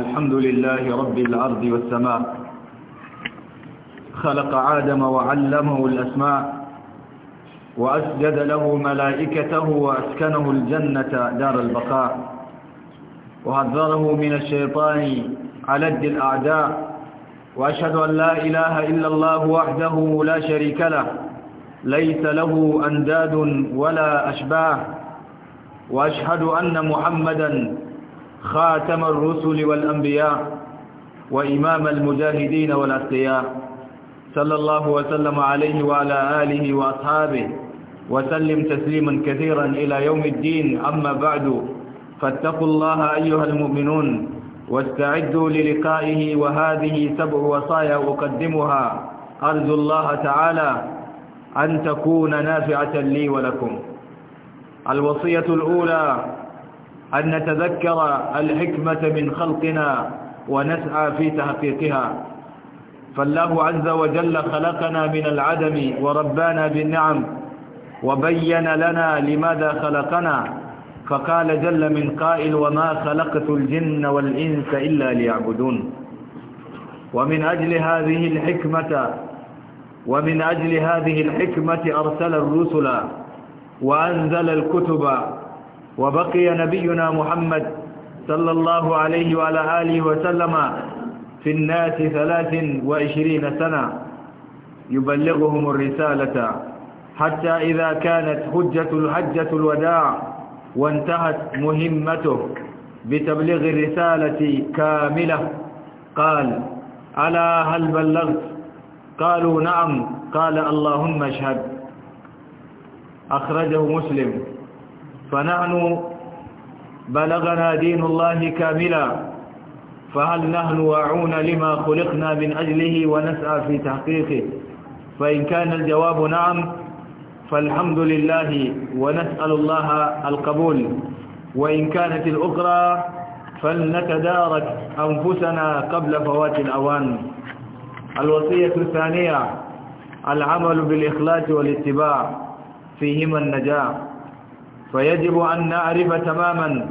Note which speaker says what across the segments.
Speaker 1: الحمد لله رب الأرض والسماء خلق آدم وعلمه الأسماء وأسجد له ملائكته وأسكنه الجنة دار البقاء وحذره من الشيطان على الد الأعداء وأشهد أن لا إله إلا الله وحده لا شريك له ليس له أنداد ولا أشباه وأشهد أن محمداً خاتم الرسل والأنبياء وإمام المجاهدين والأتقياء صلى الله وسلم عليه وعلى آله وأصحابه وسلم تسليما كثيرا إلى يوم الدين أما بعد فاتقوا الله أيها المؤمنون واستعدوا للقائه وهذه سبع وصايا أقدمها أرجو الله تعالى أن تكون نافعة لي ولكم الوصية الأولى أن نتذكر الحكمة من خلقنا ونسعى في تحقيقها فالله عز وجل خلقنا من العدم وربانا بالنعم وبين لنا لماذا خلقنا فقال جل من قائل وما خلقت الجن والإنس إلا ليعبدون ومن أجل هذه الحكمة ومن أجل هذه الحكمة أرسل الرسل وأنزل الكتب وبقي نبينا محمد صلى الله عليه وعلى آله وسلم في الناس ثلاث وعشرين سنة يبلغهم الرسالة حتى إذا كانت حجة الحجة الوداع وانتهت مهمته بتبليغ الرسالة كاملة قال ألا هل بلغت قالوا نعم قال اللهم اشهد أخرجه مسلم فنحن بلغنا دين الله كاملا فهل نحن واعون لما خلقنا من أجله ونسعى في تحقيقه فإن كان الجواب نعم فالحمد لله ونسأل الله القبول وإن كانت الأخرى فلنتدارك أنفسنا قبل فوات الأوان الوصية الثانية العمل بالإخلاص والاتباع فيهما النجاح فيجب أن نعرف تماما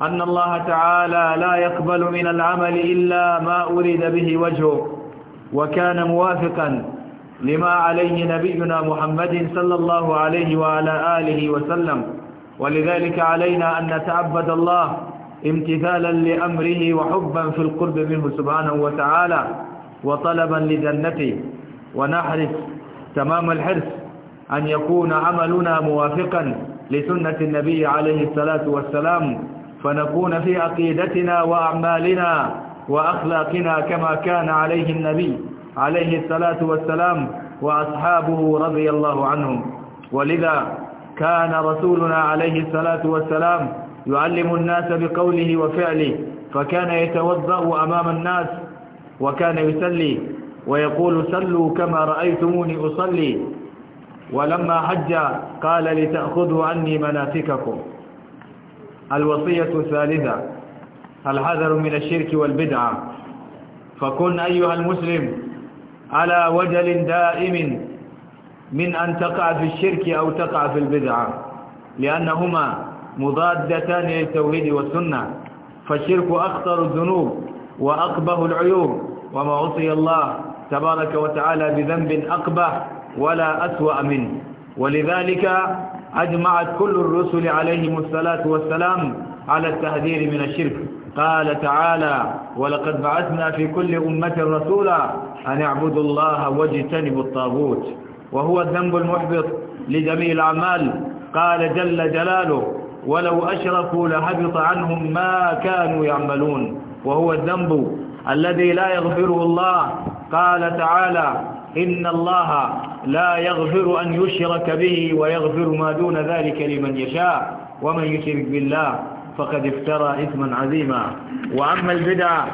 Speaker 1: أن الله تعالى لا يقبل من العمل إلا ما أريد به وجهه وكان موافقا لما عليه نبينا محمد صلى الله عليه وعلى آله وسلم ولذلك علينا أن نتعبد الله امتثالا لأمره وحبا في القرب منه سبحانه وتعالى وطلبا لجنته ونحرص تمام الحرص أن يكون عملنا موافقا لسنة النبي عليه الصلاة والسلام فنكون في عقيدتنا وأعمالنا وأخلاقنا كما كان عليه النبي عليه الصلاة والسلام وأصحابه رضي الله عنهم ولذا كان رسولنا عليه الصلاة والسلام يعلم الناس بقوله وفعله فكان يتوضأ أمام الناس وكان يسلي ويقول سلوا كما رأيتموني أصلي ولما حج قال لتأخذوا عني مناسككم الوصية الثالثة الحذر من الشرك والبدعة فكن أيها المسلم على وجل دائم من أن تقع في الشرك أو تقع في البدعة لأنهما مضادتان للتوحيد والسنة فالشرك أخطر الذنوب وأقبه العيوب وما عصي الله تبارك وتعالى بذنب أقبح ولا أسوأ منه ولذلك أجمعت كل الرسل عليهم الصلاة والسلام على التهذير من الشرك قال تعالى ولقد بعثنا في كل أمة رسولا أن اعبدوا الله واجتنبوا الطاغوت وهو الذنب المحبط لجميع الأعمال قال جل جلاله ولو أشركوا لهبط عنهم ما كانوا يعملون وهو الذنب الذي لا يغفره الله قال تعالى إن الله لا يغفر أن يشرك به ويغفر ما دون ذلك لمن يشاء ومن يشرك بالله فقد افترى إثما عظيما وأما البدع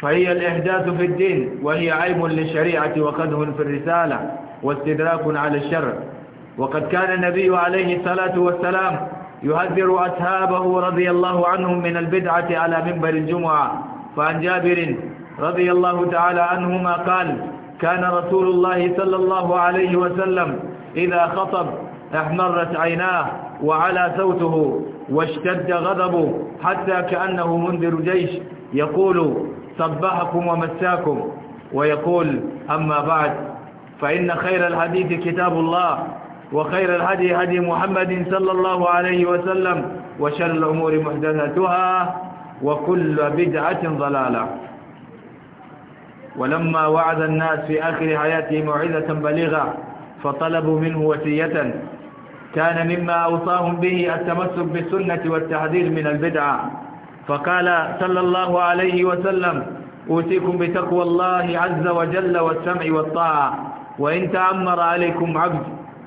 Speaker 1: فهي الإحداث في الدين وهي عيب للشريعة وقده في الرسالة واستدراك على الشر وقد كان النبي عليه الصلاة والسلام يهذر أصحابه رضي الله عنهم من البدعة على منبر الجمعة فعن جابر رضي الله تعالى عنهما قال كان رسول الله صلى الله عليه وسلم إذا خطب احمرت عيناه وعلى صوته واشتد غضبه حتى كأنه منذر جيش يقول صبحكم ومساكم ويقول أما بعد فإن خير الحديث كتاب الله وخير الهدي هدي محمد صلى الله عليه وسلم وشر الأمور محدثاتها وكل بدعة ضلالة ولما وعد الناس في آخر حياته موعظة بليغة فطلبوا منه وسية كان مما أوصاهم به التمسك بالسنة والتحذير من البدعة فقال صلى الله عليه وسلم أوصيكم بتقوى الله عز وجل والسمع والطاعة وإن تأمر عليكم عبد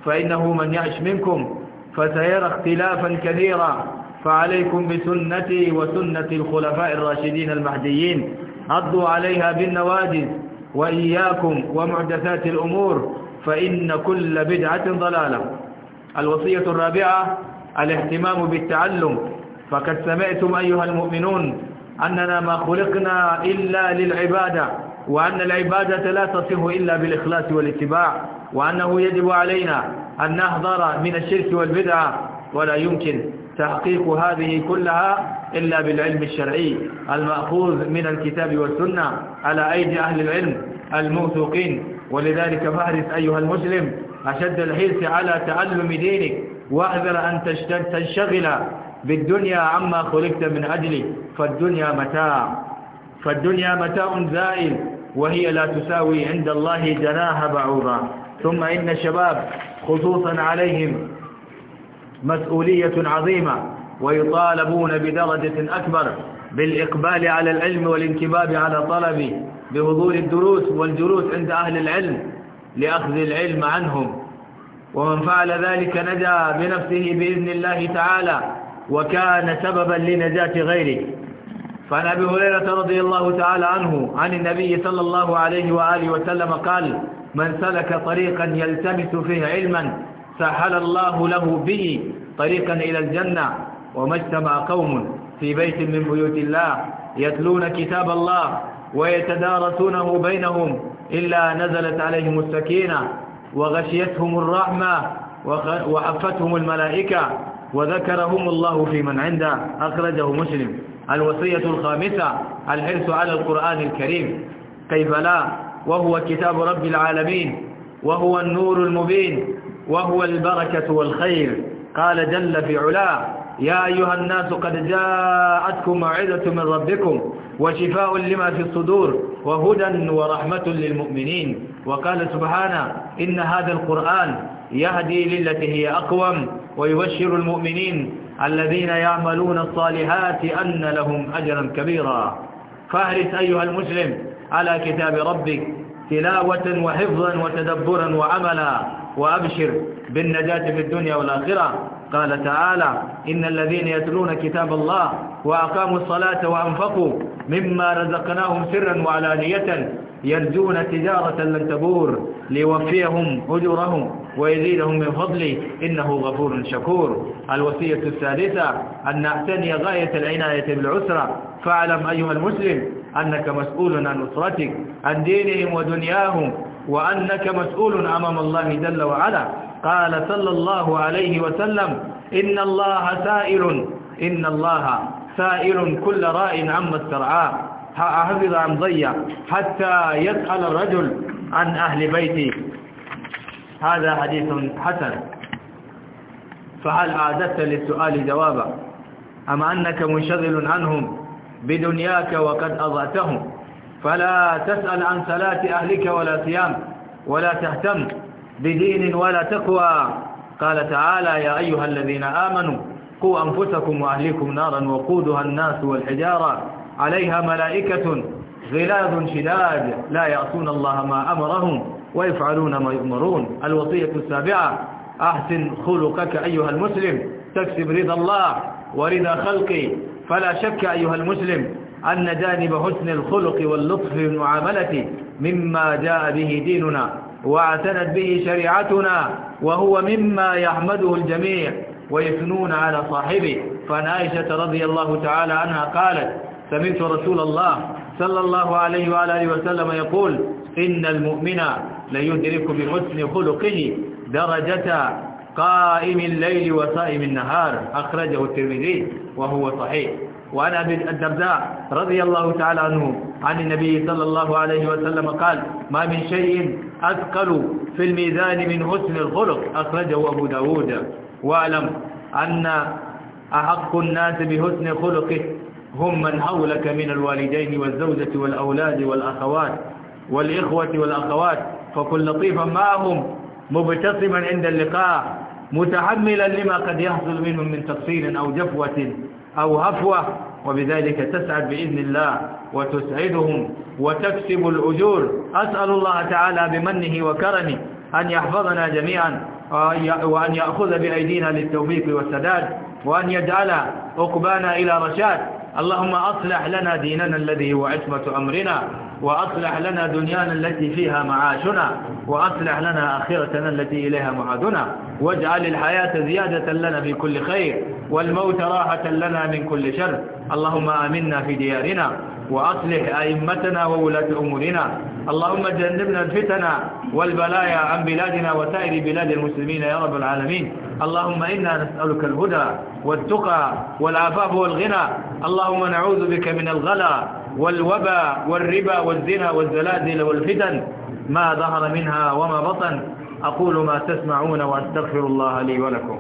Speaker 1: فإنه من يعش منكم فسيرى اختلافا كثيرا فعليكم بسنتي وسنة الخلفاء الراشدين المهديين عضوا عليها بالنواجذ وإياكم ومعدثات الأمور فإن كل بدعة ضلالة الوصية الرابعة الاهتمام بالتعلم فقد سمعتم أيها المؤمنون أننا ما خلقنا إلا للعبادة وأن العبادة لا تصف إلا بالإخلاص والاتباع وأنه يجب علينا أن نحذر من الشرك والبدعة ولا يمكن تحقيق هذه كلها إلا بالعلم الشرعي المأخوذ من الكتاب والسنة على أيدي أهل العلم الموثوقين ولذلك فاحرص أيها المسلم أشد الحرص على تعلم دينك واحذر أن تنشغل بالدنيا عما خلقت من أجله فالدنيا متاع فالدنيا متاع زائل وهي لا تساوي عند الله جناها بعوضة ثم إن الشباب خصوصا عليهم مسؤولية عظيمة ويطالبون بدرجة أكبر بالإقبال على العلم والانكباب على طلبه بحضور الدروس والجلوس عند أهل العلم لأخذ العلم عنهم ومن فعل ذلك نجا بنفسه بإذن الله تعالى وكان سببا لنجاة غيره فعن أبي هريرة رضي الله تعالى عنه عن النبي صلى الله عليه وآله وسلم قال من سلك طريقا يلتمس فيه علما سهل الله له به طريقا إلى الجنة وما اجتمع قوم في بيت من بيوت الله يتلون كتاب الله ويتدارسونه بينهم إلا نزلت عليهم السكينة وغشيتهم الرحمة وحفتهم الملائكة وذكرهم الله في من عنده أخرجه مسلم الوصية الخامسة الحرص على القرآن الكريم كيف لا وهو كتاب رب العالمين وهو النور المبين وهو البركة والخير قال جل في علاه يا أيها الناس قد جاءتكم موعظة من ربكم وشفاء لما في الصدور وهدى ورحمة للمؤمنين وقال سبحانه إن هذا القرآن يهدي للتي هي أقوم ويبشر المؤمنين الذين يعملون الصالحات أن لهم أجرا كبيرا فاهرس أيها المسلم على كتاب ربك تلاوة وحفظا وتدبرا وعملا وأبشر بالنجاة في الدنيا والآخرة قال تعالى إن الذين يتلون كتاب الله وأقاموا الصلاة وأنفقوا مما رزقناهم سرا وعلانية يرجون تجارة لن تبور ليوفيهم أجرهم ويزيدهم من فضله إنه غفور شكور الوصية الثالثة أن نعتني غاية العناية بالعسرة فاعلم أيها المسلم أنك مسؤول عن أسرتك عن دينهم ودنياهم وأنك مسؤول أمام الله جل وعلا قال صلى الله عليه وسلم إن الله سائل إن الله سائل كل راء عما استرعاه أحفظ عن ضيع حتى يسأل الرجل عن أهل بيتي هذا حديث حسن فهل عادت للسؤال جوابا أم أنك منشغل عنهم بدنياك وقد أضعتهم فلا تسأل عن صلاة أهلك ولا صيام ولا تهتم بدين ولا تقوى قال تعالى يا أيها الذين آمنوا قوا أنفسكم وأهلكم نارا وقودها الناس والحجارة عليها ملائكة غلاظ شداد لا يعصون الله ما أمرهم ويفعلون ما يؤمرون الوصية السابعة أحسن خلقك أيها المسلم تكسب رضا الله ورضا خلقي فلا شك أيها المسلم أن جانب حسن الخلق واللطف في المعاملة مما جاء به ديننا واعتنت به شريعتنا وهو مما يحمده الجميع ويثنون على صاحبه فعن عائشة رضي الله تعالى عنها قالت سمعت رسول الله صلى الله عليه وعلى اله وسلم يقول إن المؤمن ليدرك بحسن خلقه درجة قائم الليل وصائم النهار أخرجه الترمذي وهو صحيح وعن أبي الدرداء رضي الله تعالى عنه عن النبي صلى الله عليه وسلم قال ما من شيء أثقل في الميزان من حسن الخلق أخرجه أبو داود واعلم أن أحق الناس بحسن خلقه هم من حولك من الوالدين والزوجة والأولاد والأخوات والإخوة والأخوات فكن لطيفا معهم مبتسما عند اللقاء متحملا لما قد يحصل منهم من تقصير أو جفوة أو هفوة وبذلك تسعد بإذن الله وتسعدهم وتكسب الأجور أسأل الله تعالى بمنه وكرمه أن يحفظنا جميعا وأن يأخذ بأيدينا للتوفيق والسداد وأن يجعل عقبانا إلى رشاد اللهم أصلح لنا ديننا الذي هو عصمة أمرنا وأصلح لنا دنيانا التي فيها معاشنا وأصلح لنا آخرتنا التي إليها معادنا واجعل الحياة زيادة لنا في كل خير والموت راحة لنا من كل شر اللهم آمنا في ديارنا وأصلح أئمتنا وولاة أمورنا اللهم جنبنا الفتنة والبلايا عن بلادنا وسائر بلاد المسلمين يا رب العالمين اللهم إنا نسألك الهدى والتقى والعفاف والغنى اللهم نعوذ بك من الغلا والوبا والربا والزنا والزلازل والفتن ما ظهر منها وما بطن أقول ما تسمعون وأستغفر الله لي ولكم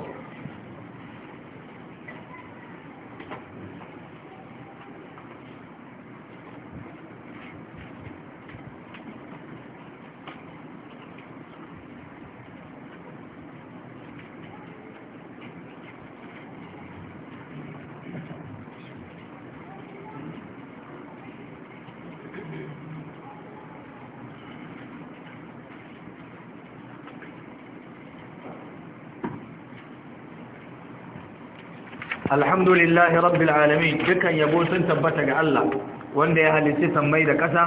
Speaker 1: alhamdulillahi rabbil alamin dukan yabo sun tabbata ga Allah wanda ya halitta sammai da ƙasa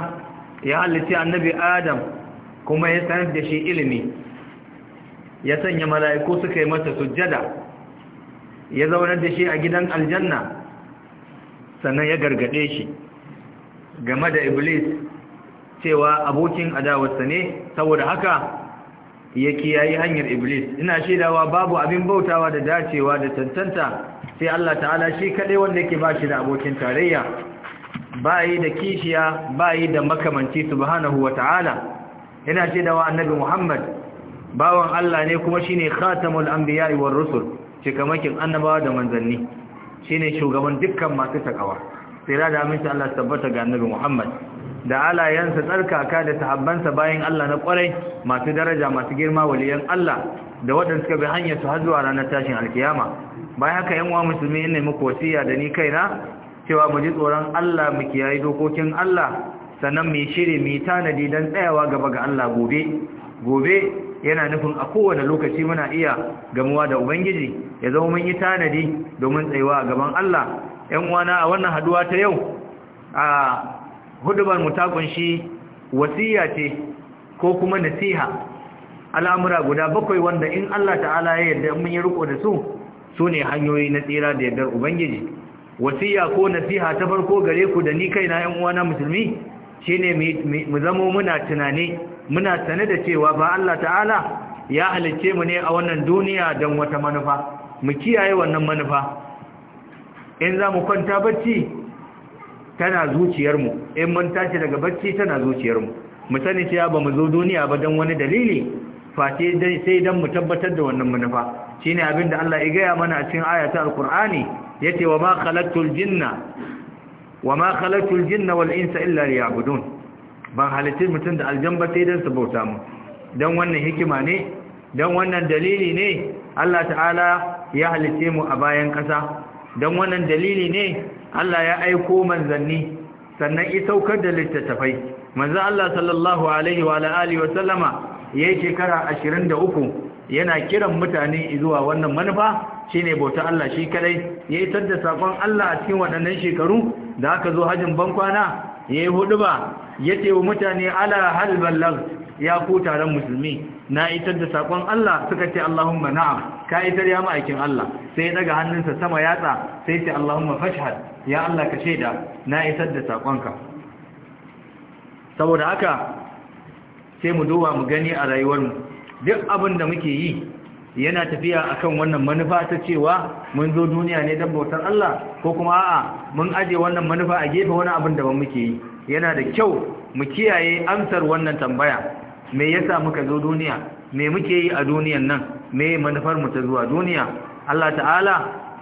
Speaker 1: ya halitta annabi Adam kuma ya sanar da shi ilimi ya sanya mala'iku suka yi masa sujjada ya zaunar da shi a gidan aljanna sannan ya gargade shi game da iblis cewa abokin adawarsa ne saboda haka ya kiyayi hanyar iblis ina shaidawa babu abin bautawa da dacewa da tantanta sai Allah ta'ala shi kaɗai wanda yake ba shi da abokin tarayya ba yi da kishiya ba yi da makamanci subhanahu wa ta'ala ina shaidawa annabi muhammad bawan Allah ne kuma shine khatamul anbiya'i war rusul cikamakin annabawa da manzanni shine shugaban dukkan masu takawa sai da aminci Allah tabbata ga annabi muhammad da alayensa tsarkaka da sahabbansa bayan Allah na kwarai masu daraja masu girma waliyan Allah da waɗanda suka bi hanyar su har zuwa ranar tashin alkiyama bayan haka yan uwa musulmi ne muku wasiya da ni kaina cewa mu ji tsoron Allah mu kiyaye dokokin Allah sannan mu shiri mu tanadi dan tsayawa gaba ga Allah gobe gobe yana nufin a kowane lokaci muna iya gamuwa da ubangiji ya zama mun yi tanadi domin tsayawa gaban Allah yan uwana a wannan haduwa ta yau a hudubar mu ta ƙunshi wasiya ce ko kuma nasiha al'amura guda bakwai wanda in Allah ta'ala ya yarda mun yi riko da su su ne hanyoyi na tsira da yardar ubangiji wasiya ko nasiha ta farko gare ku da ni kaina yan uwana musulmi shine mu zamo muna tunani muna sane da cewa ba Allah ta'ala ya halicce mu ne a wannan duniya don wata manufa mu kiyaye wannan manufa in za mu kwanta bacci tana zuciyarmu in mun tashi daga bacci tana zuciyarmu mu sani cewa ba mu zo duniya ba don wani dalili face dai sai don mu tabbatar da wannan manufa shine abin da Allah ya gaya mana a cikin ayata alqur'ani yace wa ma khalaqtul jinna wa ma khalaqtul jinna wal insa illa liya'budun ban halittu mutum da aljanna sai don su bauta mu don wannan hikima ne don wannan dalili ne Allah ta'ala ya halitte mu a bayan kasa don wannan dalili ne Allah ya aiko manzanni sannan ya saukar da littattafai manzo Allah sallallahu alaihi wa alihi wa sallama yayi shekara 23 yana kiran mutane zuwa wannan manufa shine bauta Allah shi kadai yayi tadda sakon Allah a cikin waɗannan shekaru da aka zo hajin bankwana yayi huduba yace wa mutane ala hal balagh ya ku taron musulmi na itar da sakon Allah suka ce Allahumma na'am ka itar ya aikin Allah sai ya daga hannunsa sama yatsa sai ce Allahumma fashhad ya Allah ka shaida na isar da saƙonka saboda haka sai mu duba mu gani a rayuwarmu duk abin da muke yi yana tafiya akan wannan manufa ta cewa mun zo duniya ne don bautar Allah ko kuma a'a mun aje wannan manufa a gefe wani abin da ban muke yi yana da kyau mu kiyaye amsar wannan tambaya me yasa muka zo duniya me muke yi a duniyan nan me manufar mu ta zuwa duniya Allah ta'ala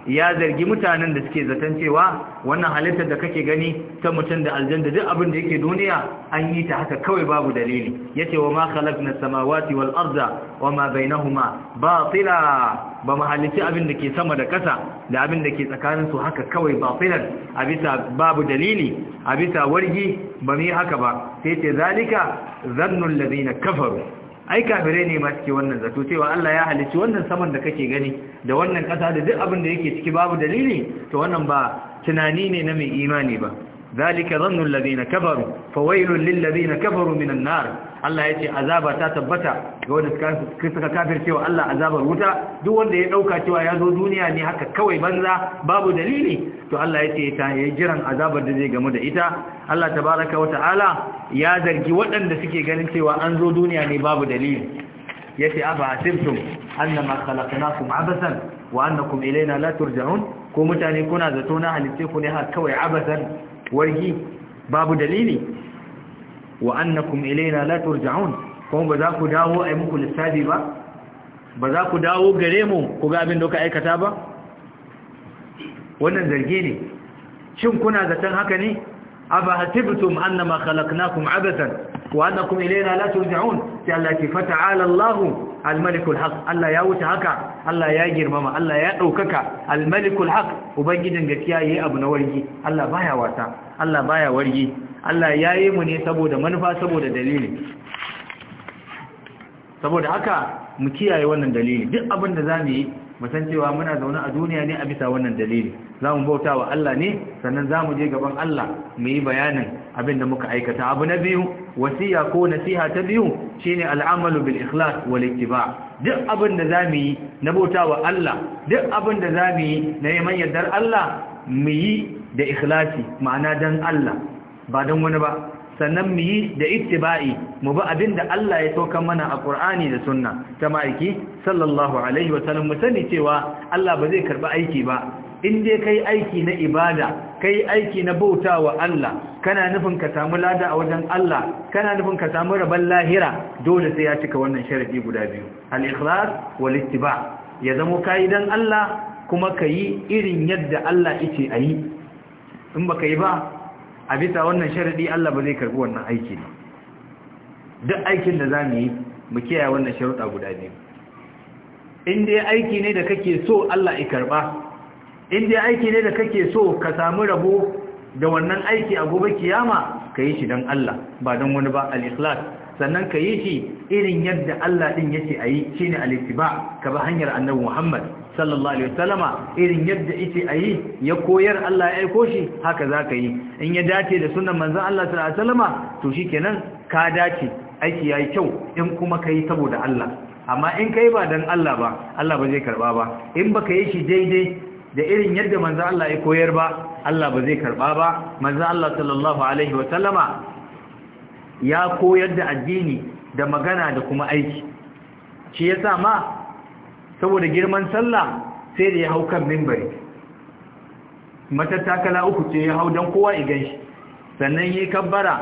Speaker 1: ya zargi mutanen da suke zaton cewa wannan halittar da kake gani ta mutum da aljanda duk abin da yake duniya an yi ta haka kawai babu dalili yace wa ma khalaqna samawati wal arda wa ma bainahuma batila ba mu halitta abin da ke sama da ƙasa da abin da ke tsakanin su haka kawai batilan a bisa babu dalili a bisa wargi ba mu yi haka ba sai ce zalika zannul ladina kafaru ai kafirai ne ma suke wannan zato cewa Allah ya halicci wannan saman da kake gani da wannan ƙasa da duk abin da yake ciki babu dalili to wannan ba tunani ne na mai imani ba zalika zannu alladhina kafaru fawailun lil ladina kafaru minan nar Allah ya ce azaba ta tabbata ga wanda suka kafirce Allah azabar wuta duk wanda ya dauka cewa ya zo duniya ne haka kawai banza babu dalili to Allah ya ce ya yi jiran azabar da zai gamu da ita Allah tabaraka wa ta'ala ya zargi waɗanda suke ganin cewa an zo duniya ne babu dalili yace aba asibtum annama khalaqnakum abasan wa annakum ilaina la turja'un ko mutane kuna zato na halitte ku ne har kawai abasan wargi babu dalili wa annakum ilaina la turja'un kuma ba za ku dawo ai muku lissafi ba ba za ku dawo gare mu ku ga abin da kuka aikata ba wannan zargi ne shin kuna zaton haka ne aba hasibtum annama khalaqnakum abatan wa annakum ilaina la turja'un sai Allah ki fata'ala Allah al-malik al-haq Allah ya wuce haka Allah ya girmama Allah ya daukaka al malikul al-haq ubangijin gaskiya yayi abu na wargi Allah baya wasa Allah baya wargi Allah ya yi mu ne saboda manufa saboda dalili saboda haka mu kiyaye wannan dalili duk abin da za mu yi musan cewa muna zaune a duniya ne a bisa wannan dalili za mu bauta wa Allah ne sannan za mu je gaban Allah mu yi bayanin abin da muka aikata abu na biyu wasiya ko nasiha ta biyu shine al'amalu bil ikhlas wal ittiba duk abin da za mu yi na bauta wa Allah duk abin da za mu yi na neman yardar Allah mu yi da ikhlasi ma'ana dan Allah ba don wani ba sannan mu yi da ittiba'i mu bi abin da Allah ya sauka mana a Qur'ani da Sunna ta ma'aiki sallallahu alaihi wa sallam mu sani cewa Allah ba zai karba aiki ba in dai kai aiki na ibada kai aiki na bautawa Allah kana nufin ka samu lada a wajen Allah kana nufin ka samu rabon lahira dole sai ya cika wannan sharadi guda biyu al-ikhlas wal ittiba ya zamo kai dan Allah kuma kayi irin yadda Allah yake ayi in baka yi ba a bisa wannan sharadi Allah ba zai karbi wannan aiki ba. duk aikin da zamu yi mu kiyaye wannan sharuɗa guda biyu in dai aiki ne da kake so Allah ya karba in dai aiki ne da kake so ka samu rabo da wannan aiki a gobe kiyama ka yi shi don Allah ba don wani ba al-ikhlas sannan ka yi shi irin yadda Allah din yake ayi shine al-ittiba ka bi hanyar Annabi Muhammad sallallahu alaihi wasallama irin yadda yake ayi ya koyar Allah ya aiko shi haka zaka yi in ya dace da sunnan manzon Allah sallallahu alaihi wasallama to shikenan ka dace aiki yayi kyau in kuma kai saboda Allah amma in kai ba dan Allah ba Allah ba zai karba ba in baka yi shi daidai da irin yadda manzon Allah ya koyar ba Allah ba zai karba ba manzon Allah sallallahu alaihi wasallama ya koyar da addini da magana da kuma aiki shi yasa ma saboda girman sallah sai da ya hau kan mimbari matattakala uku ce ya hau don kowa igan shi sannan yi kabbara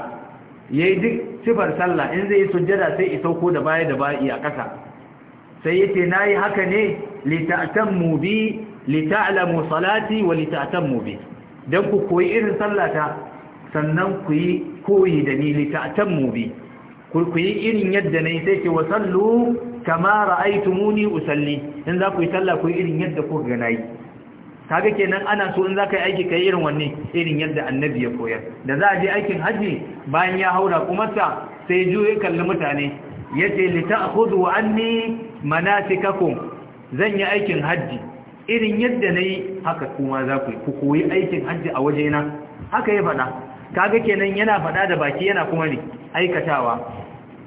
Speaker 1: ya yi duk sifar sallah in zai yi sujjada sai ya ko da baya da baya a ƙasa sai ya ce na yi haka ne mu bi lita'alamu salati wa mu bi don ku koyi irin sallata sannan ku yi koyi da ni mu bi ku yi irin yadda na yi sai ke wasallu. kama ra'aytumuni usalli in za ku yi sallah ku irin yadda ku ga nayi kaga kenan ana so in za ka yi aiki kai irin wanne irin yadda annabi ya koyar da za a je aikin haji bayan ya haura kumarsa sai ya kalli mutane yace li ta'khudhu anni manasikakum zan yi aikin haji irin yadda nayi haka kuma za ku yi ku koyi aikin haji a wajena haka ya faɗa kaga kenan yana faɗa da baki yana kuma ne aikatawa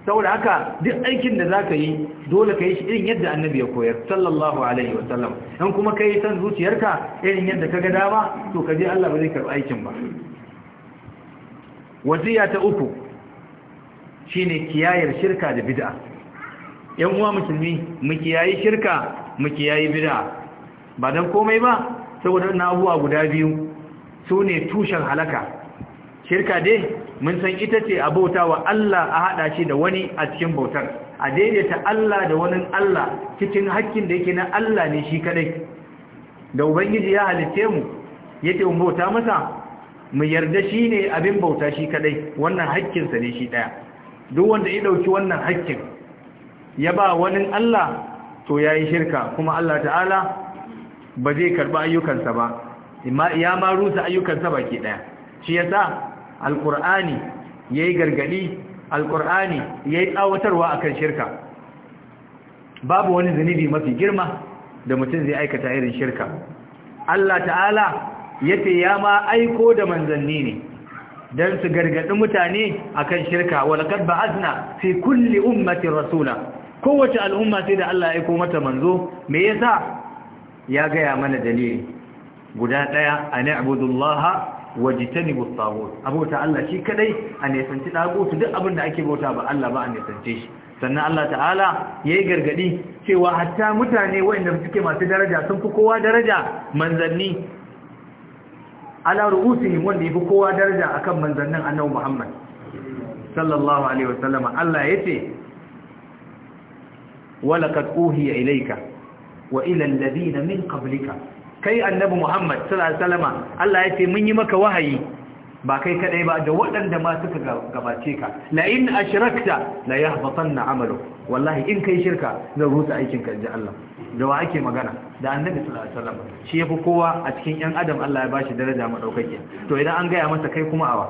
Speaker 1: saboda haka duk aikin da za ka yi dole ka yi shi irin yadda annabi ya koyar sallallahu alaihi wa sallam in kuma ka yi san zuciyarka irin yadda ka ga dama to ka je Allah ba zai karɓi aikin ba wasiya ta uku shine kiyayar shirka da bid'a yan uwa musulmi mu kiyayi shirka mu kiyayi bid'a ba dan komai ba saboda na abuwa guda biyu sune tushen halaka shirka dai mun san ita ce a bauta wa Allah a haɗa shi da wani a cikin bautar a daidaita Allah da wani Allah cikin hakkin da yake na Allah ne shi kadai da ubangiji ya halitte mu ce mu bauta masa mu yarda shi ne abin bauta shi kadai wannan hakkinsa ne shi ɗaya duk wanda ya ɗauki wannan hakkin ya ba wani Allah to ya yi shirka kuma Allah ta'ala ba zai karɓi ayyukansa ba ya ma rusa ayyukansa baki ɗaya shi yasa alkur'ani ya yi gargaɗi alkur'ani ya yi tsawatarwa a kan shirka babu wani zunubi mafi girma da mutum zai aikata irin shirka Allah ta'ala ya ce ya ma aiko da manzanni ne don su gargaɗi mutane a kan shirka walakar ba'azna fi kulli ummatin rasula kowace al'umma sai da Allah ya aiko mata manzo me yasa ya gaya mana dalili guda ɗaya a na'budullaha wajitani bu tsagot abota Allah shi kadai a nesanci dagotu duk abin da ake bauta ba Allah ba a nesance shi sannan Allah ta'ala yayi gargadi cewa hatta mutane waɗanda suke masu daraja sun fi kowa daraja manzanni ala ru'usihim wanda yafi kowa daraja akan manzannin Annabi Muhammad sallallahu alaihi wasallama Allah yace walaqad uhiya ilayka wa ila alladhina min qablika kai annabi Muhammad sallallahu alaihi wasallama Allah ya ce mun yi maka wahayi ba kai kadai ba da waɗanda ma suka gabace ka la in ashrakta la yahbatanna amalu wallahi in kai shirka zan rusa aikin ka inji Allah da wa ake magana da annabi sallallahu alaihi wasallama shi yafi kowa a cikin yan adam Allah ya bashi daraja madaukake to idan an gaya masa kai kuma awa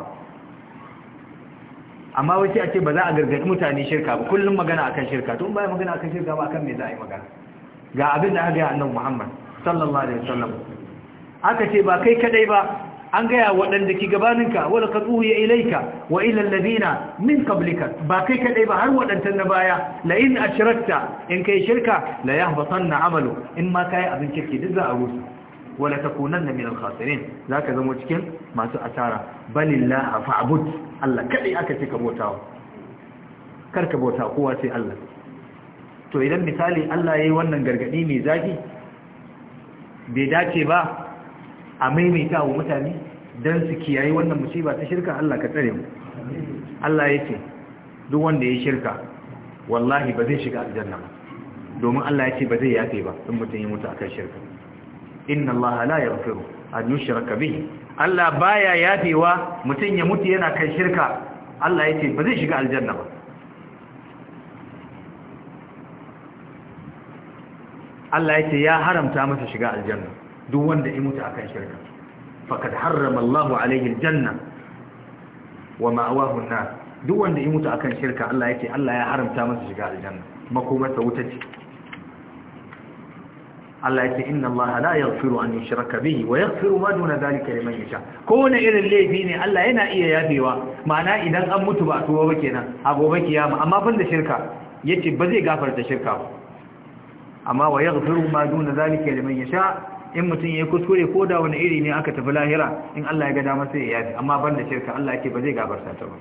Speaker 1: amma wace a ce ba za a gargaɗi mutane shirka ba kullum magana akan shirka tun baya magana akan shirka ba akan me za a yi magana ga abin da aka gaya annabi Muhammad sallallahu alaihi wasallam aka ce ba kai kadai ba an gaya waɗanda ke gabaninka wadda ka tsuhuye ilaika wa ilal ladina min qablika ba kai kadai ba har waɗantan na baya la in ashrakta in kai shirka la yahbatanna amalu in ma kai abin kirki duk za a rusa wala takunanna min al-khasirin zaka zama cikin masu asara a fa'abut Allah kadai aka ce ka bota wa kar ka bota kowa sai Allah to idan misali Allah ya yi wannan gargadi mai zaki bai dace ba a maimaita wa mutane don su kiyaye wannan musiba ta shirka Allah ka tsare mu Allah ya ce duk wanda ya shirka wallahi ba zai shiga aljanna ba domin Allah ya ce ba zai yafe ba in mutum ya mutu akan shirka inna Allah la yaghfiru an yushraka bihi Allah baya yafewa mutum ya mutu yana kan shirka Allah ya ce ba zai shiga aljanna ba Allah yake ya haramta masa shiga aljanna duk wanda ya mutu akan shirka faqad harrama Allahu alayhi aljanna wa ma'awahu an-nar duk wanda ya mutu akan shirka Allah yake Allah ya haramta masa shiga aljanna makomarsa wuta ce Allah yake inna Allah la yaghfiru an yushraka bihi wa yaghfiru ma duna dhalika liman yasha kowane irin laifi ne Allah yana iya yafewa ma'ana idan an mutu ba tuwa ba kenan a gobe kiyama amma ban da shirka yace ba zai gafarta shirka ba amma wa yaghfiru ma duna zalika liman yasha in mutum ya kuskure ko da wani iri ne aka tafi lahira in Allah ya ga dama sai ya yafi amma banda shirka Allah yake ba zai gabarta ta ba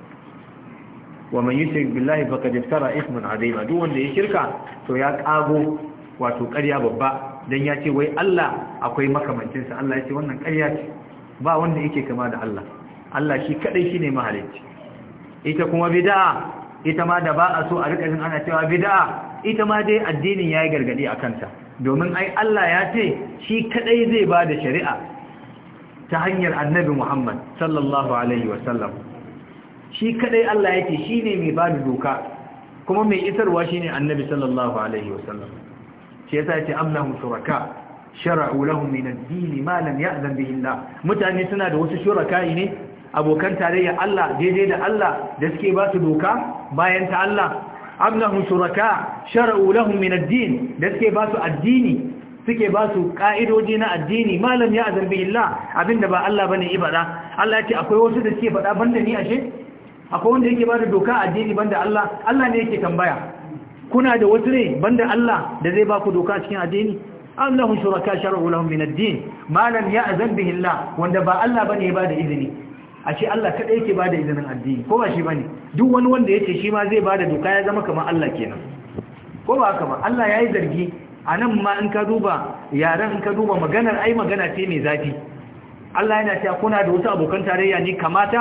Speaker 1: wa man yushrik billahi faqad iftara ithman adima duk wanda ya shirka to ya kago wato ƙarya babba dan ya ce wai Allah akwai makamancin sa Allah ya ce wannan ƙarya ce ba wanda yake kama da Allah Allah shi kadai shine mahalicci ita kuma bid'a ita ma da ba a so a rika jin ana cewa bid'a ita ma dai addinin ya yi gargadi a kanta domin ai Allah ya ce shi kadai zai ba da shari'a ta hanyar annabi Muhammad sallallahu alaihi wasallam shi kadai Allah ya ce shi ne mai ba da doka kuma mai isarwa shi ne annabi sallallahu alaihi wasallam shi ya ce amlahum shuraka shara'u lahum min ad malam ya lam ya'zan mutane suna da wasu shuraka'i ne abokan tarayya Allah daidai da Allah da suke ba su doka bayan ta Allah amnahum shuraka shar'u lahum min ad-din da suke ba su addini suke ba su ka'idoji na addini malam ya azan bi Allah abinda ba Allah bane ibada Allah ya ce akwai wasu da suke faɗa banda ni ashe akwai wanda yake ba da doka addini banda Allah Allah ne yake tambaya kuna da wasu ne banda Allah da zai ba ku doka cikin addini am lahum shuraka shar'u lahum min ad-din ma lam ya'zan bihi Allah wanda ba Allah bane ya bada izini ashe Allah kadai yake bada izinin addini ko ba shi ne? duk wani wanda yace shi ma zai ba da doka ya zama kamar Allah kenan ko ba haka ba Allah yi zargi anan ma in ka duba yaren in ka duba maganar ai magana ce mai zafi Allah yana cewa kuna da wasu abokan tarayya ne kamata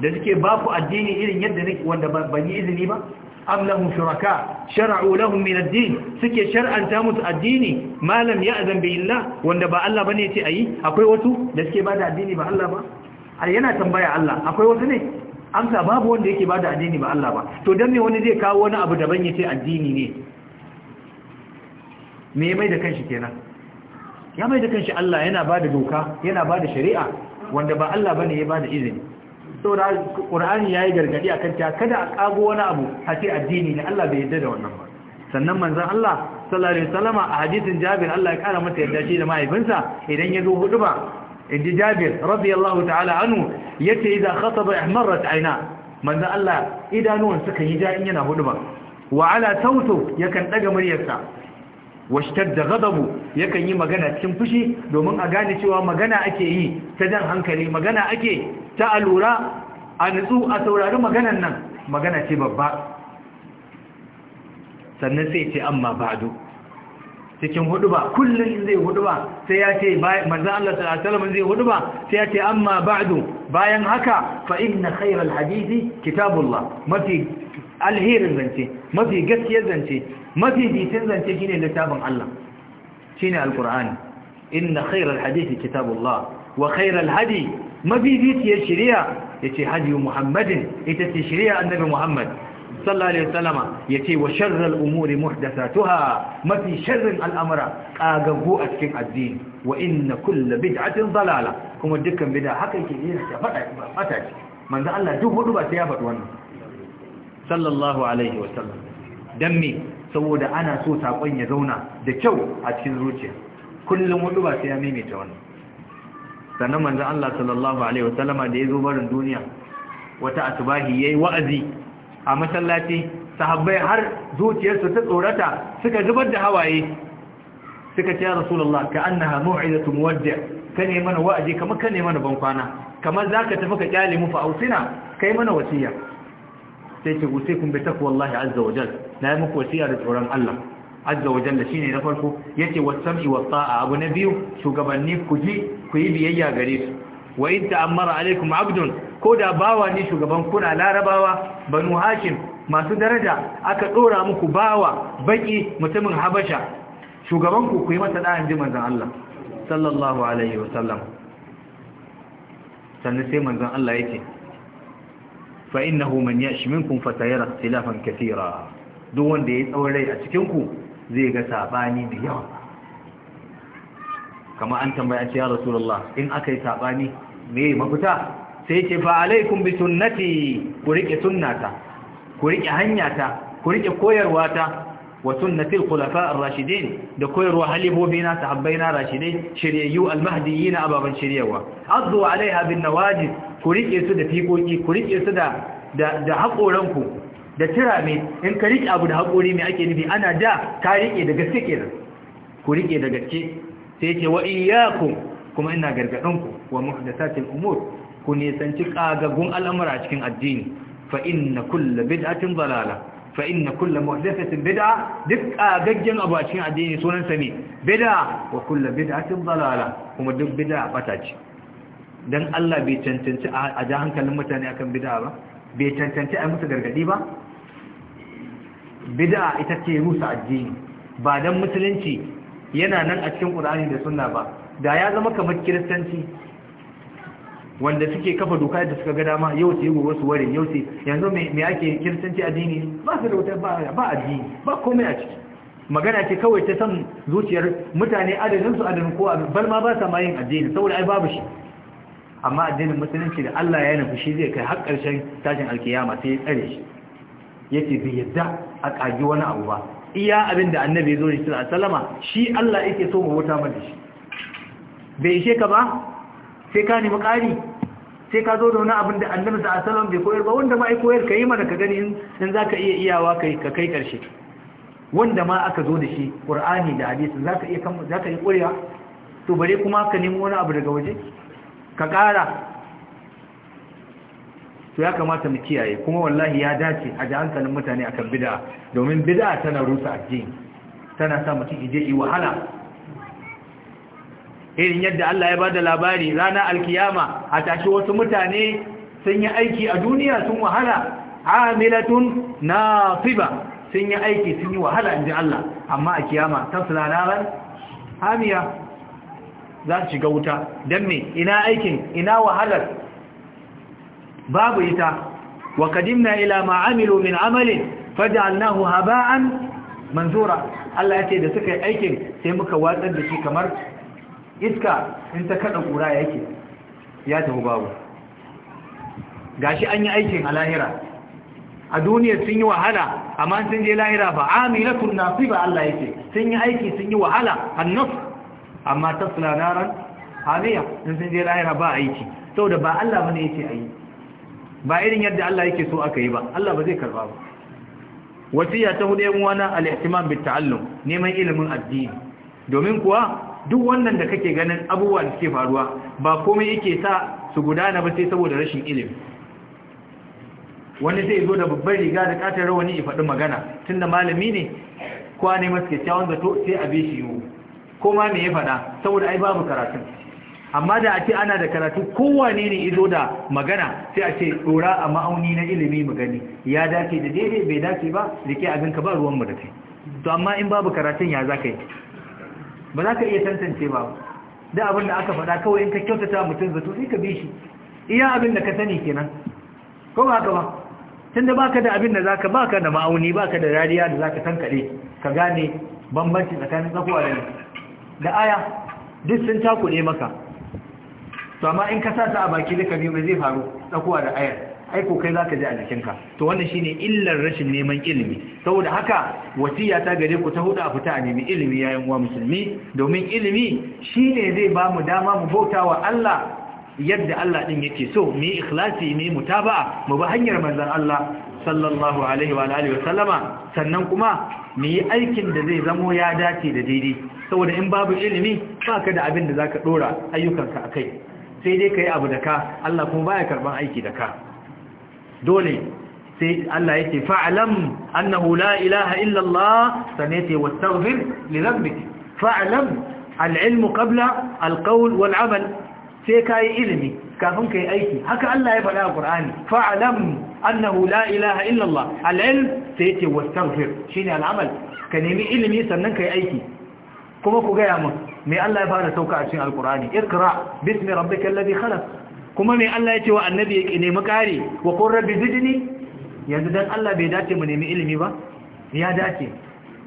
Speaker 1: da suke ba ku addini irin yadda nake wanda ban yi izini ba am lahum shuraka shar'u lahum min ad-din suke shar'anta musu addini malam ya'zan billah wanda ba Allah bane yace ayi akwai wasu da suke bada addini ba Allah ba yana tambaya Allah akwai wasu ne amsa babu wanda yake bada addini ba Allah ba to dan me wani zai kawo wani abu daban yace addini ne me mai da kanshi kenan ya mai da kanshi Allah yana bada doka yana bada shari'a wanda ba Allah bane ya bada izini saboda Qur'ani yayi gargadi akan ta kada a kago wani abu a ce addini ne Allah bai yarda da wannan ba sannan manzon Allah sallallahu alaihi wasallama a hadisin Jabir Allah ya kara mata yarda shi da mahaifinsa idan ya zo hudu ba in ji jabir radiyallahu ta'ala anu ya da idan khataba ihmarat aina manzo Allah idanuwan suka yi ja in yana huɗu wa ala tautu yakan ɗaga muryarsa washtadda ghadabu yakan yi magana cikin fushi domin a gane cewa magana ake yi ta jan hankali magana ake ta allura a nutsu a saurari maganan nan magana ce babba sannan sai ce amma ba'du cikin huduba kullum in zai huduba sai ya ce manzan Allah sallallahu zai huduba sai ya ce amma ba'du bayan haka fa inna khayral hadisi kitabullah mafi alherin zance mafi gaskiyar zance mafi bitin zance shine littafin Allah shine alqur'ani inna khayral hadisi kitabullah wa khayral hadi mafi shiriya shari'a yace hadi muhammadin ita ce shari'a annabi muhammad sallallahu alaihi ya ce wa sharral umuri muhdathatuha mafi sharrin al'amura kagagu a cikin addini wa inna kullu bid'atin dalala kuma dukkan bid'a haka yake yin ta fada fata ce manzo Allah duk hudu ba sai ya faɗi wannan sallallahu alaihi wa sallam. dan me saboda ana so sakon ya zauna da kyau a cikin zuciya kullum hudu ba sai ya maimaita wannan sannan manzo Allah sallallahu alaihi wasallama da yazo barin duniya wata asubahi yayi wa'azi a masallaci sahabbai har zuciyarsu ta tsorata suka zubar da hawaye suka ce rasulullah ka annaha mu'izatu muwaddi ka ne mana wa'azi kamar ka ne mana bankwana kamar zaka tafi ka kyale mu fa ausina kai mana wasiya
Speaker 2: sai ce usikum bi wallahi azza wa jalla na yi muku wasiya da tsoron Allah azza wa da shine na farko yace wasam'i wa a abu na biyu shugabanni ku ji ku yi biyayya gare
Speaker 1: su wa in ta'ammara alaikum abdun ko da bawa ne shugaban kuna larabawa banu hashim masu daraja aka ɗora muku bawa baƙi mutumin habasha shugaban ku ku yi masa ɗa'an ji manzan Allah sallallahu alaihi wasallam sannan sai manzan Allah yake fa innahu man yashi minkum fa ikhtilafan kathira duk wanda ya tsawon rai a cikin ku zai ga sabani da yawa kama an tambaya ce ya rasulullah in aka yi sabani me mafita sai ce fa alaikum bi sunnati ku rike sunnata ku rike hanyata ku rike koyarwata wa sunnati al-khulafa ar-rashidin da koyarwa halibobina sahabbaina rashidai shiryayyu al-mahdiyina ababan shiryawa azzu alaiha bin nawajid ku rike su da fikoki ku rike su da da haƙoranku da tirame in ka rike abu da haƙori mai ake nufi ana da ka rike da gaske kenan ku rike da gaske sai ce wa iyyakum kuma ina ku wa muhdathatil umur ku nisanci kagaggun al'amura cikin addini fa inna kulla bid'atin dalala fa inna kulla muhdathatin bid'a duk kagaggen abu a cikin addini sunan sa ne bid'a wa kulla bid'atin balala. kuma duk bid'a bata ce dan Allah bai cancanci a ja hankalin mutane akan bid'a ba bai cancanci a musu gargadi ba bid'a ita ce rusa addini ba dan musulunci yana nan a cikin Qur'ani da Sunna ba da ya zama kamar kiristanci wanda suke kafa doka da suka ga dama yau su gobe su ware yau su yanzu me ake kiristanci addini ba su da wata ba addini ba komai a ciki magana ce kawai ta san zuciyar mutane adadin su adadin kowa bal ma ba sa ma yin addini saboda ai babu shi amma addinin musulunci da Allah ya nufi shi zai kai har ƙarshen tashin alkiyama sai ya tsare shi yace bi yadda a kaji wani abu ba iya abinda annabi ya zo shi sallama shi Allah yake so mu wuta mana shi bai ishe ka ba sai ka nemi ƙari sai ka zo da wani abin da annabi sa sallam bai koyar ba wanda ma ai koyar ka yi mana ka gani in za ka iya iyawa ka kai ƙarshe wanda ma aka zo da shi ƙur'ani da hadisi za ka iya za ka yi ƙuriya to bare kuma ka nemi wani abu daga waje ka ƙara to ya kamata mu kiyaye kuma wallahi ya dace a ji hankalin mutane akan bid'a domin bid'a tana rusa addini tana sa mutum ije yi wahala irin yadda Allah ya bada labari ranar alkiyama a tashi wasu mutane sun yi aiki a duniya sun wahala amilatun nasiba sun yi aiki sun yi wahala ji Allah amma a kiyama tasla hamiya za su shiga wuta don me ina aikin ina wahalar babu ita wa kadimna ila ma min amalin faj'alnahu haba'an manzura Allah ya ce da suka yi aikin sai muka watsar da shi kamar iska in ta kada kura yake ya tafi babu gashi an yi aikin a lahira a duniya sun yi wahala amma sun je lahira ba amilatun nasiba Allah yake sun yi aiki sun yi wahala annaf amma tasla naran in sun je lahira ba aiki saboda ba Allah bane yake ayi ba irin yadda Allah yake so aka yi ba Allah ba zai karba ba wasiya ta hudu yan uwana al-ihtimam bit ta'allum neman ilimin addini domin kuwa duk wannan da kake ganin abubuwa da suke faruwa ba komai yake sa su gudana ba sai saboda rashin ilimi wani zai zo da babbar riga da katar rawani ya faɗi magana tunda malami ne kowa ne masu kyakkyawan zato sai a shi yiwu ko ma me ya faɗa saboda ai babu karatu. amma da a ce ana da karatu kowane ne izo da magana sai a ce ɗora a ma'auni na ilimi mu gani ya dace da daidai bai dace ba rike abin abinka ba ruwan mu da kai to amma in babu karatun ya za ka yi ba za ka iya tantance ba da abin da aka faɗa kawai in ka kyautata mutum zato sai ka bi shi iya abin da ka sani kenan ko ba ka ba tun da baka da abin da za zaka baka da ma'auni baka da rariya da za ka tankare ka gane bambanci tsakanin tsakuwa da da aya duk sun takure maka to amma in ka sa ta a baki duka biyu mai zai faru tsakuwa da ayar Aiko kai zaka ji a jikinka to wannan shine illar rashin neman ilimi saboda haka wasiya ta gare ku ta hudu a fita a nemi ilimi yayin uwa musulmi domin ilimi shine zai ba mu dama mu bautawa Allah yadda Allah din yake so mu yi ikhlasi mu yi mutaba'a mu bi hanyar manzon Allah sallallahu alaihi wa alihi wa sannan kuma mu yi aikin da zai zamo ya dace da daidai saboda in babu ilimi baka da abin da zaka dora ayyukanka akai sai dai kai abu da ka Allah kuma baya karban aiki da ka dole sai Allah yake fa'alam annahu la ilaha illa Allah sanete wastaghfir li rabbik fa'alam al-ilmu qabla al-qawl wal 'amal sai kai ilimi kafin kai aiki haka Allah ya faɗa a Qur'ani fa'alam annahu la ilaha illa Allah al-ilm sai yake wastaghfir shine al-'amal ka nemi ilimi sannan kai aiki kuma ku ga ya mun me Allah ya fara sauka a cikin al-Qur'ani iqra bismi rabbikal ladhi khalaq kuma mai Allah ya ce wa annabi ya nemi ƙari wa kun rabbi zidni yanzu dan Allah bai dace mu nemi ilimi ba ya dace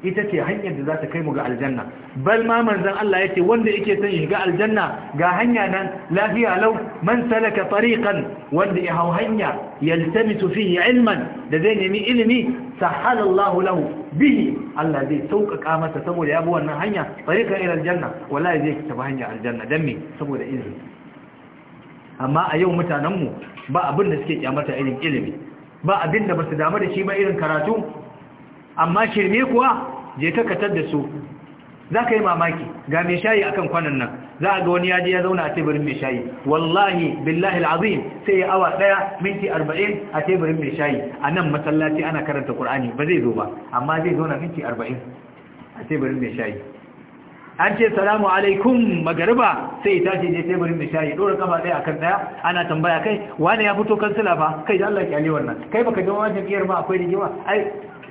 Speaker 1: ita ce hanyar da za ta kai mu ga aljanna bal ma manzon Allah ya ce wanda yake son shiga aljanna ga hanya nan lafiya lau man salaka tariqan wanda ya hau hanya yaltamisu fihi ilman da zai nemi ilimi sahala lahu bihi Allah zai sauƙaƙa masa saboda ya bi wannan hanya tariqan ila aljanna wallahi zai tafi hanya aljanna dan me saboda ilimi amma a yau mutanenmu ba abin da suke kyamata irin ilimi ba abin da ba su damu da shi ba irin karatu amma shirme kuwa je ka katar da su za ka yi mamaki ga mai shayi a kan kwanan nan za a ga wani yaji ya zauna a teburin mai shayi wallahi billahi al'azim sai ya awa ɗaya minti arba'in a teburin mai shayi a nan masallaci ana karanta ƙur'ani ba zai zo ba amma zai zauna minti arba'in a teburin mai shayi an ce salamu alaikum magariba sai ita ce je teburin mai shayi dora kafa daya kan ɗaya. ana tambaya kai wani ya fito kansila ba? kai da Allah ya alewar wannan kai baka jama wajen jam'iyyar ba akwai rigima ai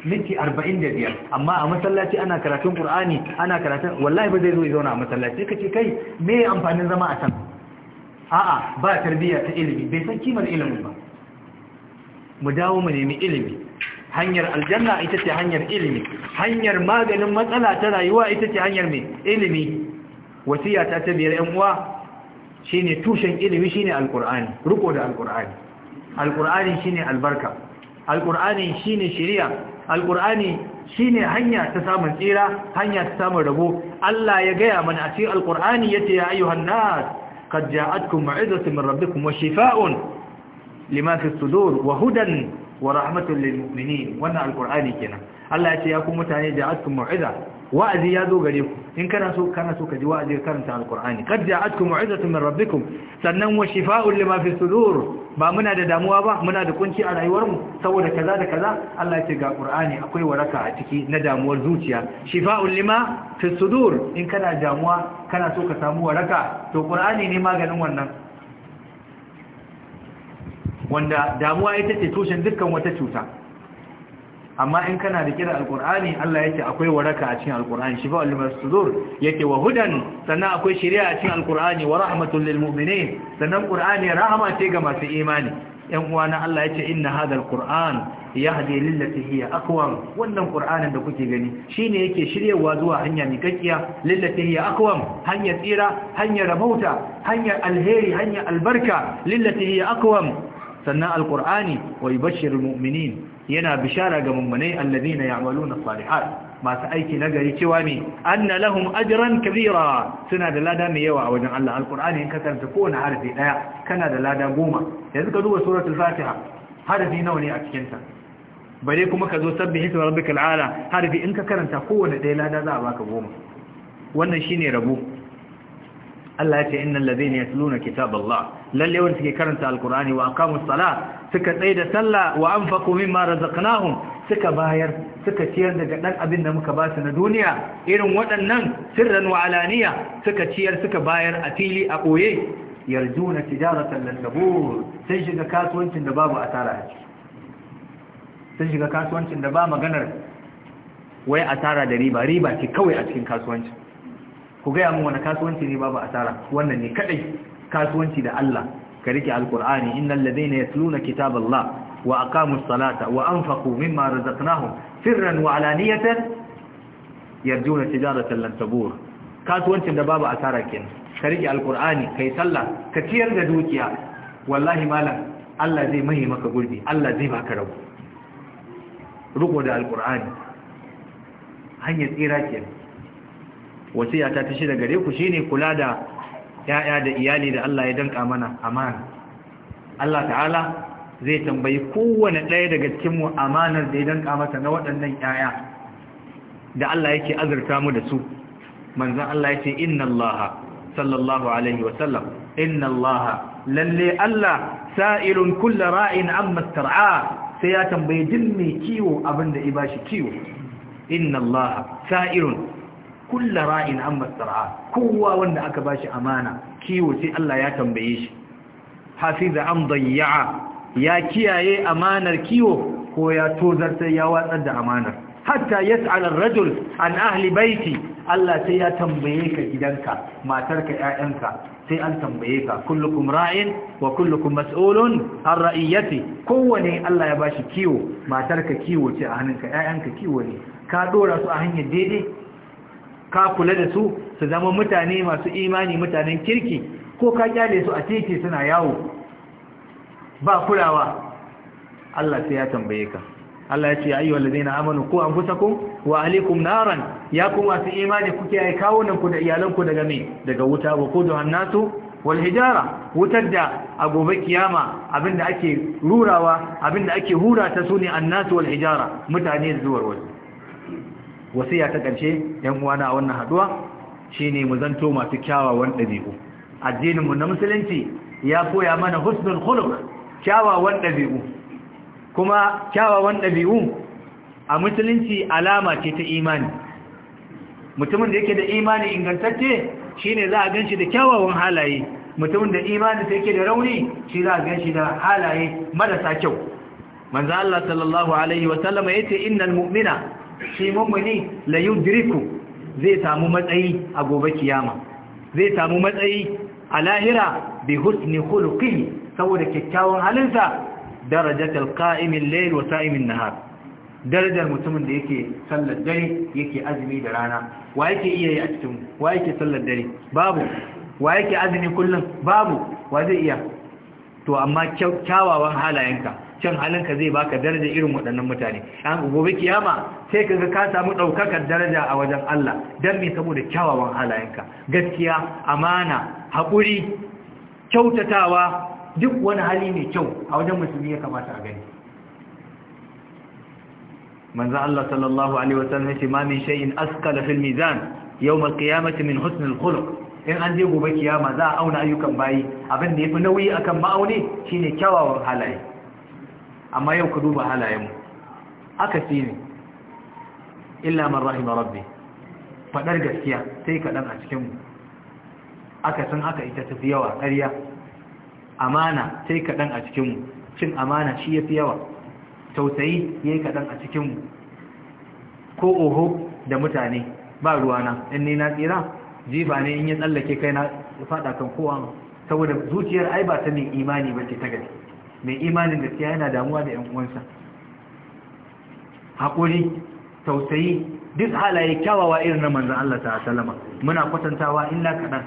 Speaker 1: minti biyar. amma a masallaci ana karatun Kur'ani. ana karatun wallahi ba zai zo zauna a masallaci Ka ce kai me amfanin zama a can a'a ba tarbiyya ta ilimi bai san kimar ilimin ba mu dawo mu nemi ilimi hanyar aljanna ita ce hanyar ilimi hanyar maganin matsala ta rayuwa ita ce hanyar mai ilimi wasiya ta ta biyar yan uwa shine tushen ilimi shine alkur'ani riko da alkur'ani alqur'ani shine albarka alqur'ani shine shari'a alqur'ani shine hanya ta samun tsira hanya ta samun rabo Allah ya gaya mana a cikin alqur'ani ya ayyuhan nas qad ja'atkum mau'izatun min rabbikum wa shifa'un lima fi sudur wa hudan wa rahmatul lil mu'minin wannan alqur'ani kenan Allah ya ce ya ku mutane ja'atkum mu'iza wa'azi ya zo gare ku in kana so kana so ka ji wa'azi ka karanta alqur'ani qad ja'atkum mu'izatun min rabbikum sannan wa shifaa'un lima fi sudur ba muna da damuwa ba muna da kunci a rayuwarmu saboda kaza da kaza Allah ya ce ga qur'ani akwai waraka a ciki na damuwar zuciya shifaa'un lima fi sudur in kana damuwa kana so ka samu waraka to qur'ani ne maganin wannan wanda damuwa ita ce tushen dukkan wata cuta amma in kana da kira alkur'ani Allah yake akwai waraka a cikin alkur'ani shifa ulumar sudur yake wa hudan sannan akwai shari'a a cikin alkur'ani wa rahmatul lil mu'minin sannan qur'ani rahama ce ga masu imani yan uwana Allah yace inna hada alqur'an yahdi lil lati hiya aqwam wannan qur'anin da kuke gani shine yake shiryewa zuwa hanya mikakkiya lil lati hiya aqwam hanya tsira hanya rabauta hanya alheri hanya albarka lil lati hiya aqwam sannan alkur'ani wa yubashshirul mu'minin yana bishara ga mu'minai alladhina ya'maluna salihat masu aiki na gari cewa ne anna lahum ajran kabira suna da lada mai yawa a wajen Allah alqur'ani in ka karanta kowane harfi daya kana da lada goma yanzu ka duba suratul fatiha harfi nawa ne a cikin ta bare kuma ka zo sabbi hisma rabbikal ala harfi in ka karanta kowane daya lada za a baka goma wannan shine rabo Allah ya ce innal ladhina yatluna kitaballah lalle wanda suke karanta alqur'ani wa aqamus sala suka tsaya da sallah wa anfaqu mimma razaqnahum suka bayar suka ciyar daga dan abin da muka ba su na duniya irin waɗannan sirran wa alaniya suka ciyar suka bayar a fili a boye yarjuna tijaratan lan tabur sai shiga kasuwancin da babu asara sai shiga kasuwancin da ba maganar wai asara da riba riba ce kawai a cikin kasuwancin ku gaya min wani kasuwanci ne babu asara wannan ne kadai kasuwanci da Allah ka rike alkur'ani innal ladayna yatluna kitaballah wa aqamus salata wa anfaqu mimma razaqnahum sirran wa alaniyatan yarjuna tijaratan lan tabur kasuwancin da babu asara kenan ka rike alkur'ani kai sallah ka ciyar da dukiya wallahi malam Allah zai mahi maka gurbi Allah zai baka rabu riko da alkur'ani hanyar tsira kenan wasiya ta tashi da gare ku shine kula da ya'ya da iyali da Allah ya danka mana amana Allah ta'ala zai tambayi kowane ɗaya daga cikin mu amanar da ya danka masa na waɗannan ya'ya da Allah yake azurta mu da su manzon Allah yace inna Allah sallallahu alaihi wa sallam inna Allah lalle Allah sa'ilun kullu ra'in amma tar'a sai ya tambaye duk mai kiwo abinda i bashi kiwo inna allaha sa'irun kulla ra'in amma sar'a kowa wanda aka bashi amana kiwo sai Allah ya tambaye shi hafiza am dayya'a ya kiyaye amanar kiwo ko ya tozar sai ya watsar da amanar hatta yas'al ar-rajul an ahli baiti Allah sai ya tambaye ka gidanka matarka ƴaƴanka sai an tambaye ka kullukum ra'in wa kullukum mas'ulun an ra'iyati kowane Allah ya bashi kiwo matarka kiwo ce a hannunka ƴaƴanka kiwo ne ka dora su a hanyar daidai ka kula da su su zama mutane masu imani mutanen kirki ko ka kyale su a titi suna yawo ba kulawa Allah sai ya tambaye ka Allah ya ce ya ayyuhal ladina amanu ku anfusakum wa ahlikum naran ya ku masu imani kuke ai kawo nan ku da iyalan ku daga me daga wuta wa Ko hannatu wal hijara wutar da a gobe kiyama abinda ake rurawa abinda ake hura ta sune annatu wal hijara mutane zuwar wasu wasiya ta ƙarshe yan uwana a wannan haduwa shine mu zanto masu kyawawan ɗabi'u addininmu na musulunci ya koya mana husnul khuluq kyawawan ɗabi'u kuma kyawawan dabi'u a musulunci alama ce ta imani mutumin da yake da imani ingantacce shine za a ganshi da kyawawan halaye mutumin da imani sai yake da rauni shi za a ganshi da halaye marasa kyau manzo Allah sallallahu alaihi wa sallama yace innal mu'mina shi mummuni la yudriku zai samu matsayi a gobe kiyama zai samu matsayi a lahira bi husni khuluqihi saboda kyakkyawan halinsa darajatul qa'imin layl wa sa'imin nahar darajar mutumin da yake sallar dare yake azumi da rana wa yake iya yi a cikin wa yake sallar dare babu wa yake azumi kullum babu wa zai iya to amma kyawawan halayenka cin halinka zai baka daraja irin waɗannan mutane an gobe kiyama sai ka ga ka samu ɗaukakar daraja a wajen Allah dan me saboda kyawawan halayenka gaskiya amana haƙuri kyautatawa duk wani hali mai kyau a wajen musulmi ya kamata a gani manzo Allah sallallahu alaihi wasallam yace ma min shay'in asqala fil mizan yawm al min husn al in an je gobe kiyama za a auna ayyukan bayi abin da yafi nauyi akan ma'auni shine kyawawan halaye amma yau ka duba halayenmu aka fi ne illa man rahima rabbi faɗar gaskiya sai kaɗan a cikinmu aka san aka ita tafi yawa ƙarya amana sai kaɗan a cikinmu cin amana shi ya fi yawa tausayi ya yi kaɗan a cikinmu ko oho da mutane ba ruwana in ni na tsira jifa ne in ya tsallake kai na faɗa kan kowa saboda zuciyar ai ba ta mai imani ba ce ta gaske mai imanin gaskiya yana damuwa da yan uwansa haƙuri tausayi duk halaye kyawawa irin na manzan Allah ta salama muna kwatantawa illa kaɗan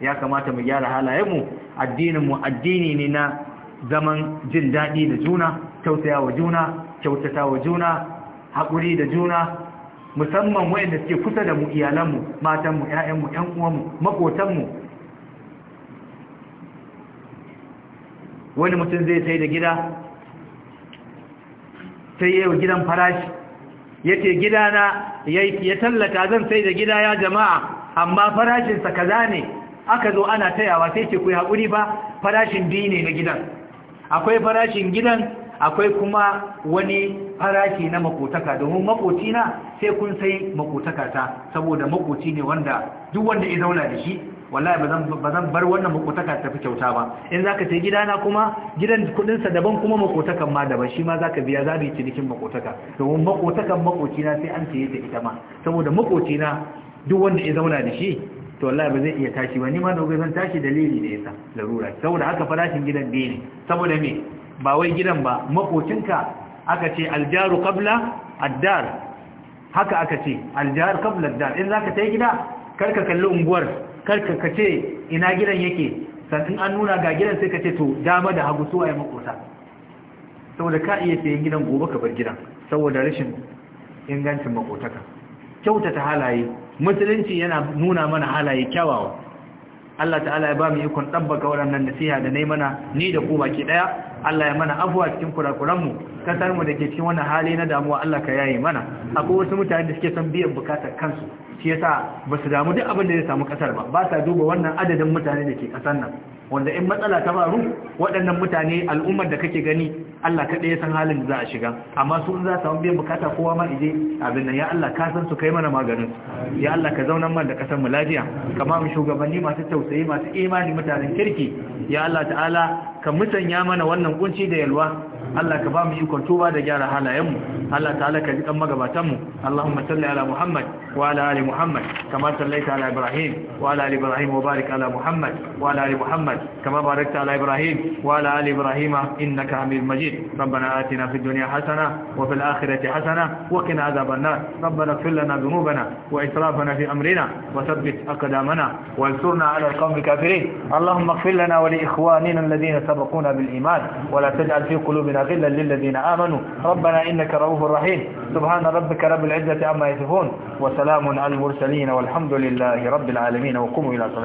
Speaker 1: ya kamata mu gyara halayenmu addininmu addini ne na zaman jin daɗi da juna tausaya wa juna kyautata wa juna haƙuri da juna musamman wayanda suke kusa da mu iyalanmu matanmu ƴaƴanmu ƴan uwanmu maƙotanmu wani mutum zai sai da gida sai yau gidan farashi ya yace gidana ya tallata zan sai da gida ya jama'a amma farashinsa kaza ne aka zo ana tayawa sai ce kuwa haƙuri ba farashin biyu ne na gidan akwai farashin gidan akwai kuma wani farashi na makotaka domin makoci sai kun sai makotaka ta saboda makoci ne wanda duk wanda ya zauna da shi wallahi bazan bar wannan makotaka tafi kyauta ba in zaka ka gida gidana kuma gidan kudinsa daban kuma makotakan ma daban shi ma za biya za cinikin makotaka domin makotakan makocina sai an saye ta ita ma saboda makocina duk wanda ya zauna da shi to wallahi ba zai iya tashi ba ni ma da zan tashi dalili ne yasa larura saboda haka farashin gidan biye ne saboda me ba wai gidan ba makocinka aka ce aljaru qabla addar haka aka ce aljar qabla addar in zaka tai gida karka kalli unguwar karka ka ce ina gidan yake sannan an nuna ga gidan sai ka ce to dama da hagu su a yi makota saboda ka iya sayan gidan gobe ka bar gidan saboda rashin ingancin makotaka kyautata halaye musulunci yana nuna mana halaye kyawawa Allah ta'ala ya ba mu ikon tabbaka waɗannan nasiha da nai mana ni da ku baki ɗaya Allah ya mana afuwa cikin kurakuran mu kasar mu dake cikin wannan hali na damuwa Allah ka yaye mana akwai wasu mutane da suke son biyan bukatar kansu shi yasa ba su damu duk abin da ya samu kasar ba ba sa duba wannan adadin mutane da ke kasar nan wanda in matsala ta faru waɗannan mutane al'ummar da kake gani Allah kaɗai ya san halin da za a shiga amma su za su biyan bukata kowa ma ije abin nan ya Allah ka san su kai mana maganin ya Allah ka zauna man da kasar mu lafiya Kamar mu shugabanni masu tausayi masu imani mutanen kirki ya Allah ta'ala ka musanya mana wannan kunci da yalwa Allah ka ba mu ikon tuba da gyara halayenmu Allah ta'ala ka ji kan magabatanmu Allahumma salli ala Muhammad wa ala ali Muhammad kama sallaita ala Ibrahim wa ala ali Ibrahim wa barik ala Muhammad wa ala ali Muhammad kama barakta ala Ibrahim wa ala ali Ibrahim innaka Hamid Majid ربنا آتنا في الدنيا حسنة وفي الآخرة حسنة وقنا عذاب النار ربنا اغفر لنا ذنوبنا وإسرافنا في أمرنا وثبت أقدامنا وانصرنا على القوم الكافرين اللهم اغفر لنا ولإخواننا الذين سبقونا بالإيمان ولا تجعل في قلوبنا غلا للذين آمنوا ربنا إنك رؤوف رحيم سبحان ربك رب العزة عما يصفون وسلام على المرسلين والحمد لله رب العالمين وقوموا إلى صلاة